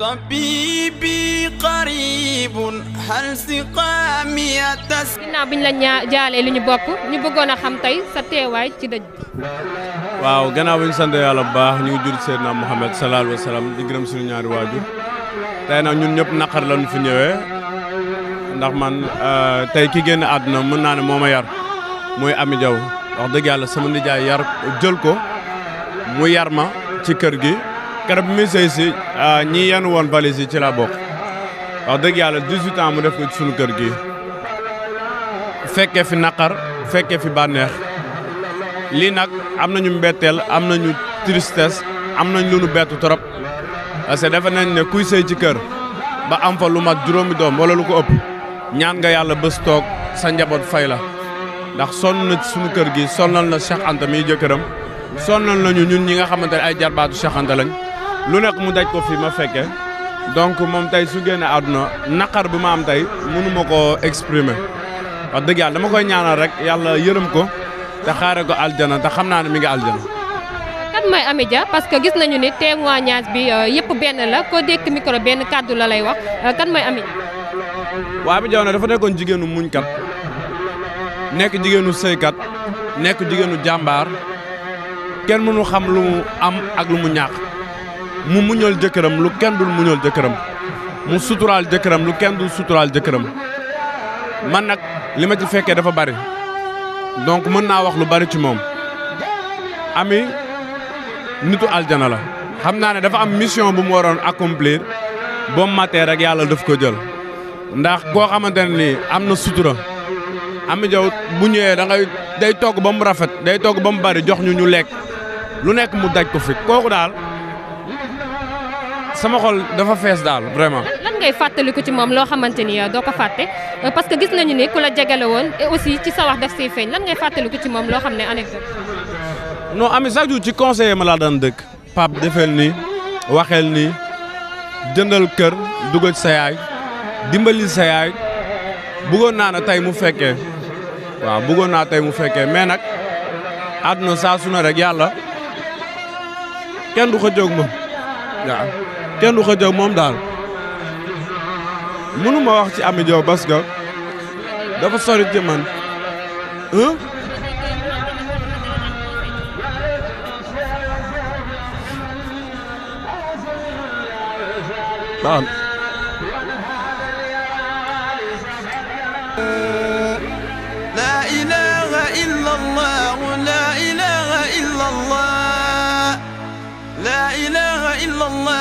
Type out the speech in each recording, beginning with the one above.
tabibi qaribun hal siqaamiya tas ginnaaw bi ñu la jaalee li ñu bokk ñu bëggoon xam tey sa teewaay ci dëj bi waaw gannaaw bi ñu sant yàlla bu baax ñu ngi jur Seydina Muhammad sallallahu alayhi wa sallam di gërëm suñu ñaari waajur tey nag ñun ñëpp naqar lañu fi ñëwee ndax man euh, tey ki génn àdduna mën naa ne moo ma yar muy Ami Jaw wax dëgg yàlla sama nijaay yar jël ko mu yar ma ci kër gi keroog bu muy sëy si ah, ñi yenn woon valise ci la bokk wax dëgg yàlla 18 ans mu def ci sunu kër gi fekkee fi naqar fekkee fi bànneex lii nag am nañu mbetteel am nañu tristesse am nañ lu nu bettu trop parce que defe nañ ne kuy sëy ci kër ba am fa lu mat juróomi doom wala lu ko ëpp ñaan nga yàlla bés toog sa njaboot fay la ndax sonn na sunu kër gi sonnal na Cheikh Anta miy jëkkëram sonnal nañu ñun ñi nga xamante ne ay jarbaatu Cheikh Anta lañ lu nekk mu daj ko fi ma fekke donc moom tey su génne àdduna naqar bi ma am tey mënu ma koo exprimer wax dëgg yàlla dama koy ñaanal rek yàlla yërëm ko te xaare ko aljana te xam naa ne mi ngi aljana. kat mooy Amy Dia parce que gis nañu ni témoignage bi euh, yëpp benn la ko dékk micro benn kàddu la lay wax euh, kan mooy Amy Dia. waa Amy Dia dafa nekkoon jigéenu muñkat nekk jigéenu sëykat nekk jigéenu jàmbaar kenn mënu xam lu am ak lu mu ñàkk. mu muñal jëkkëram lu kenn dul muñal jëkkëram mu suturaal jëkkëram lu kenn dul suturaal jëkkëram man nag li ma ci fekkee dafa bari donc mën naa wax lu bari ci moom ami nitu aljana la xam naa ne dafa am mission bu mu waroon accomplir ba mu matee rek yàlla daf ko jël ndax koo xamante ne nii am na sutura Ami Jaw bu ñëwee da ngay day toog ba mu rafet day toog ba mu bari jox ñu ñu lekk lu nekk mu daj ko fi kooku daal sama xol dafa fees daal vraiment. lan ngay fàttaliku ci moom loo xamante ni doo ko fàtte parce que gis nañu ni ku la jegale woon et aussi ci sa wax daf siy feeñ lan ngay fàttaliku ci moom loo xam ne anecdote. non ami chaque jour ci conseiller ma laa daan dëkk. Pape defeel nii waxeel ni jëndal kër dugal sa yaay dimbali sa yaay bëggoon naa na tey mu fekkee waaw bëggoon naa tey mu fekkee mais nag àdduna saa su ne rek yàlla kenn du ko jóg ma waaw. kenn du xëjoo moom daal mënuma wax ci Ami Diop parce que dafa sori ci man ah.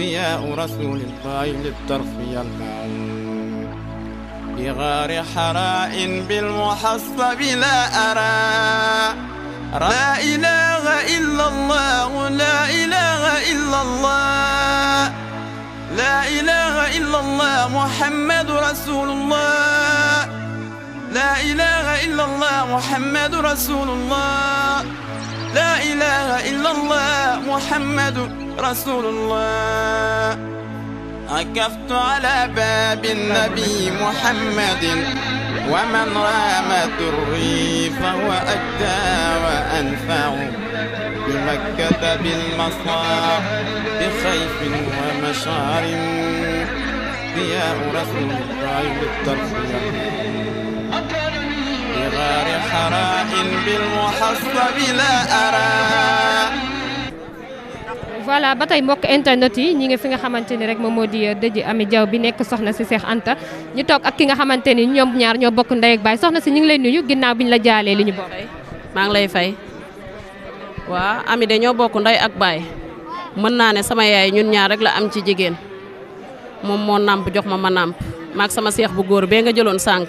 أوفياء رسول الله للطرف يلمعون بغار حراء بالمحصب لا أرى لا إله إلا الله لا إله إلا الله لا إله إلا الله محمد رسول الله لا إله إلا الله محمد رسول الله لا إله إلا الله محمد رسول الله عكفت على باب النبي محمد ومن رام دري فهو أجدى وأنفع بمكة بالمصاح بخيف ومشار ضياء رسول الله بالتربية بغار حراء بالمحصب لا أرى voilà ba tey mbokk internet yi ñi ngi fi nga xamante ni rek moom moo di euh, dëj Ami jaw bi nekk soxna si Cheikh Anta ñu toog ak ki nga xamante ni ñoom ñaar ñoo bokk ndey ak baay soxna si ñu ngi lay nuyu ginnaaw bi ñu la jaalee li ñu bokk. maa ngi lay fay waa Ami de bokk ndey ak baay mën naa ne sama yaay ñun ñaar rek la am ci jigéen moom moo nàmp jox ma ma nàmp maak sama seex bu góor bee nga jëloon sànq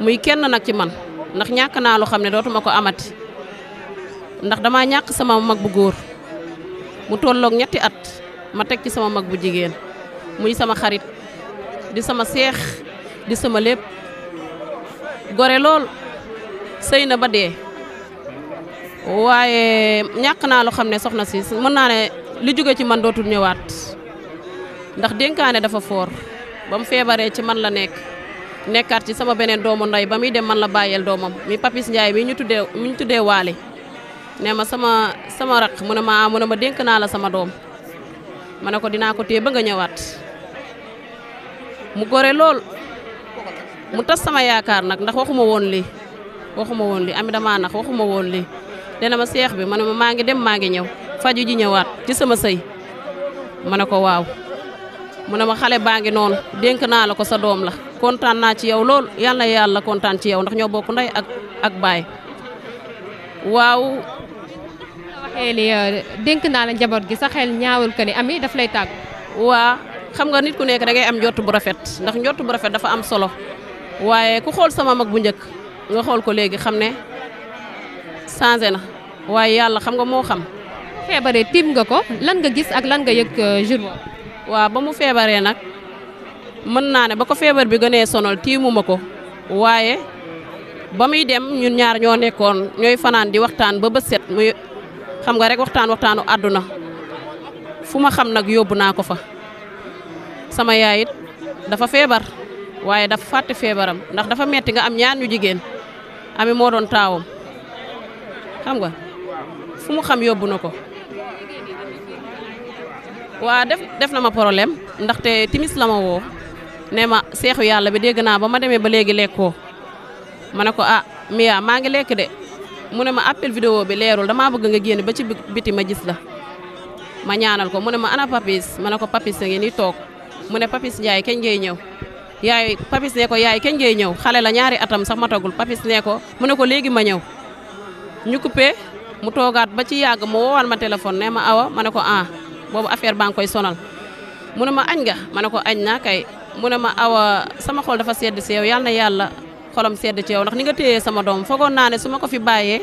muy kenn nag ci man ndax ñàkk naa loo xam ne dootuma ko amati ndax dama ñàkk sama mag bu góor. mu tolloog ñetti at ma teg ci sama mag bu jigéen muy sama xarit di sama seex di sama lépp gore lool sëy na ba dee waaye ñàkk naa loo xam ne soxna si mën naa ne li jóge ci man dootul ñëwaat ndax dénkaane dafa foor ba mu feebaree ci man la nekk nekkaat ci sama beneen doomu ndey ba muy dem man la bàyyeel doomam mi Papis njaay mi ñu tuddee mi ñu tuddee waale ne ma sama sama raq mu ne ma mu ne ma dénk naa la sama doom ma ne ko dinaa ko téye ba nga ñëwaat mu gore lool mu tas sama yaakaar nag ndax waxuma woon lii waxuma woon lii ami damaa nax waxuma woon lii dana ma seex bi ma ne ma maa ngi dem maa ngi ñëw faju ji ñëwaat ci sama sëy ma ne ko waaw mu ne ma xale baa ngi noonu dénk naa la ko sa doom la kontaan naa ci yow lool yàlla yàlla kontaan ci yow ndax ñoo bokk ndey ak ak baay waaw waxee euh, dénk naa la njaboot gi sa xel ñaawul que ni ami daf lay tàgg. waa xam nga nit ku nekk da ngay am njott bu rafet ndax njott bu rafet dafa am solo waaye ku xool sama mag bu njëkk nga xool ko léegi xam ne changé na waaye yàlla xam nga moo xam. feebaree tiim nga ko lan nga gis ak lan nga yëg euh, jour boobu. waaw ba mu feebaree nag mën naa ne ba ko feebar bi gënee sonal tiimuma ko waaye. ba muy dem ñun ñaar ñoo nekkoon ñooy fanaan di waxtaan ba bët set muy xam nga rek waxtaan waxtaanu àdduna fu ma xam nag yóbbu naa ko fa sama yaay it dafa feebar waaye dafa fàtte feebaram ndax dafa metti nga am ñaar ñu jigéen ami moo doon taawam xam nga fu mu xam yóbbu na ko waa def def na ma problème ndaxte timis la ma woo ne ma seexu yàlla bi dégg naa ba ma demee ba léegi lekkoo ma ne ko ah miyaa maa ngi lekk de mu ne ma appel vidéo bi leerul damaa bëgg nga génn ba ci biti ma gis la ma ñaanal ko mu ne ma ana papis ma ne ko papis a ni toog mu ne papis Ndiaye kañ ngay ñëw yaay papis ne ko yaay kañ ngay ñëw xale la ñaari atam sax matagul papis ne ko mu ne ko léegi ma ñëw ñu coupé mu toogaat ba ci yàgg mu woowal ma téléphone ne ma awa ma ne ko ah boobu affaire baa ngi koy sonal mu ne ma añ nga ma ne ko añ naa kay mu ne ma awa sama xol dafa sedd sew yow yàlla na yàlla xolam sedd ci yow ndax ni nga téyee sama doom foogoon naa ne ko fi bàyyee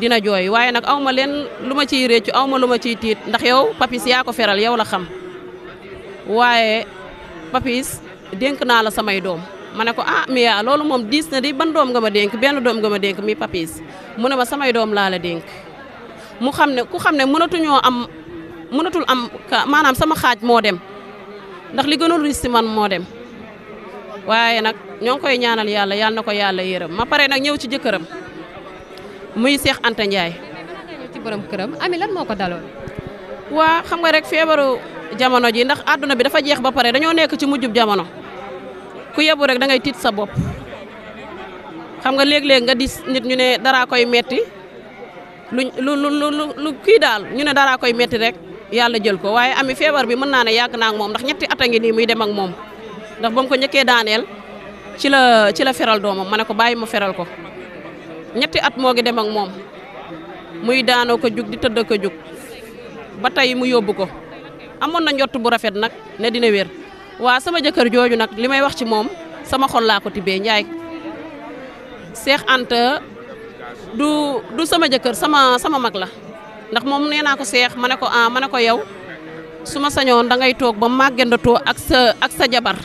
dina jooy waaye nag aw ma leen lu ma ci réccu aw ma lu ma ciy tiit ndax yow papis yaa ko feral yow la xam waaye papis dénk naa la samay doom ma ne ko ah miyaa loolu moom diis na di ban doom nga ma dénk benn doom nga ma dénk mii papis mu ne ma samay doom laa la dénk mu xam ne ku xam ne mënatuñoo am mënatul am maanaam sama xaaj moo dem ndax li gën a riis si man moo dem waaye nag ñoo ngi koy ñaanal yàlla yàlla na ko yàlla yërëm ma pare nag ñëw ci jëkkëram muy seex Anta Ndiaye. ci borom këram ami lan moo ko daloon. waa xam nga rek feebaru jamono ji ndax àdduna bi dafa jeex ba pare dañoo nekk ci mujjub jamono ku yebu rek da ngay tiit sa bopp xam nga léeg-léeg nga dis nit ñu ne daraa koy metti lu lu lu lu kii daal ñu ne daraa koy metti rek yàlla jël ko waaye ami feebar bi mën naa ne yàgg naa ak moom ndax ñetti at a ngi nii muy dem ak moom. ndax ba mu ko njëkkee daaneel ci la ci la feral doomam ma ne ko bàyyi ma feral ko ñetti at moo ngi dem ak moom muy daanoo ko jug di tëdd ko jug ba tey mu yóbbu ko amoon na njott bu rafet nag ne dina wér waa sama jëkkër jooju nag li may wax ci moom sama xol laa ko tibbee Njaay Seex Anta du du sama jëkkër sama sama mag la ndax moom nee naa ko seex ma ne ko ah ma ne ko yow su ma sañoon da ngay toog ba màggandatoo ak sa ak sa jabar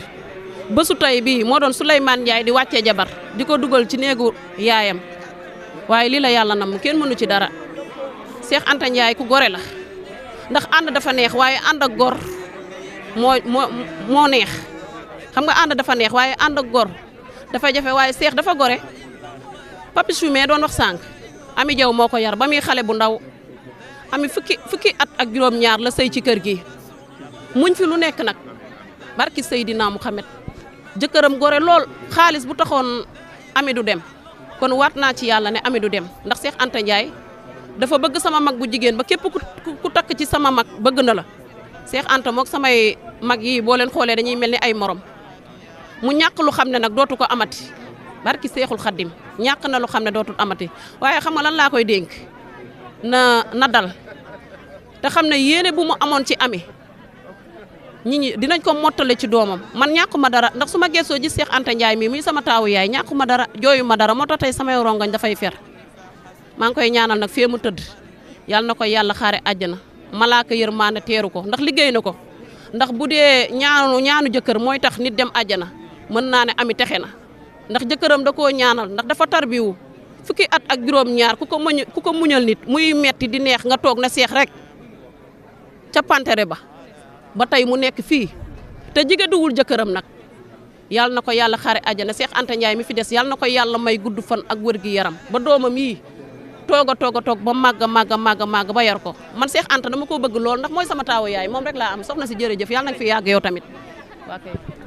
bésu tey bii moo doon Souleymane njaay di wàccee jabar di ko dugal ci néegu yaayam waaye lii la yàlla nam kenn mënu ci dara Cheikh Anta njaay ku gore la ndax ànd dafa neex waaye ànd ak gor moo neex xam nga ànd dafa neex waaye ànd ak gor dafa jafe waaye seex dafa gore Papis Fumé doon wax sànq Ami Jaw moo ko yar ba muy xale bu ndaw am fukki fukki at ak juróom-ñaar la sëy ci kër gi muñ fi lu nekk nag barki mu xamet jëkkëram gore lool xaalis bu taxoon ami du dem kon waat naa ci yàlla ne ami du dem ndax seex Anta Ndiaye dafa bëgg sama mag bu jigéen ba képp ku takk ci sama mag bëgg na la Cheikh Anta moog samay mag yi boo leen xoolee dañuy mel ni ay moroom mu ñàkk lu xam ne nag dootu ko amati barki Seexul Xaddim ñàkk na lu xam ne dootul amati waaye xam nga lan laa koy dénk na na dal te xam ne yéene bu mu amoon ci ami ñi ñi dinañ ko mottale ci doomam man ñàkku ma dara ndax su ma gëstoo ji Cheikh Anta Ndiaye mii muy sama taawu yaay ñàkku ma dara jooyu ma dara moo tax tey samay rongoñ dafay fer maa ngi koy ñaanal nag fee mu tëdd yàlla na ko yàlla xaare àjjana malaaka yërmaande teeru ko ndax liggéey na ko ndax bu dee ñaanu ñaanu jëkkër mooy tax nit dem àjjana mën naa ne ami texe na ndax jëkkëram da koo ñaanal ndax dafa tarbiwu fukki at ak juróom ñaar ku ko muñ nit muy metti di neex nga toog na seex rek ca pantere ba ba tey mu nekk fii te jigéeduwul jëkkëram nag yàlla na ko yàlla xare na Cheikh Anta Ndiaye mi fi des yàlla na ko yàlla may gudd fan ak wër gi yaram ba doomam yi toog a toog a toog ba màgg a màgg màgg màgg ba yar ko man Cheikh Anta dama ko bëgg lool ndax mooy sama taaw yaay moom rek laa am soxna si jërëjëf yàlla na fi yàgg yoo tamit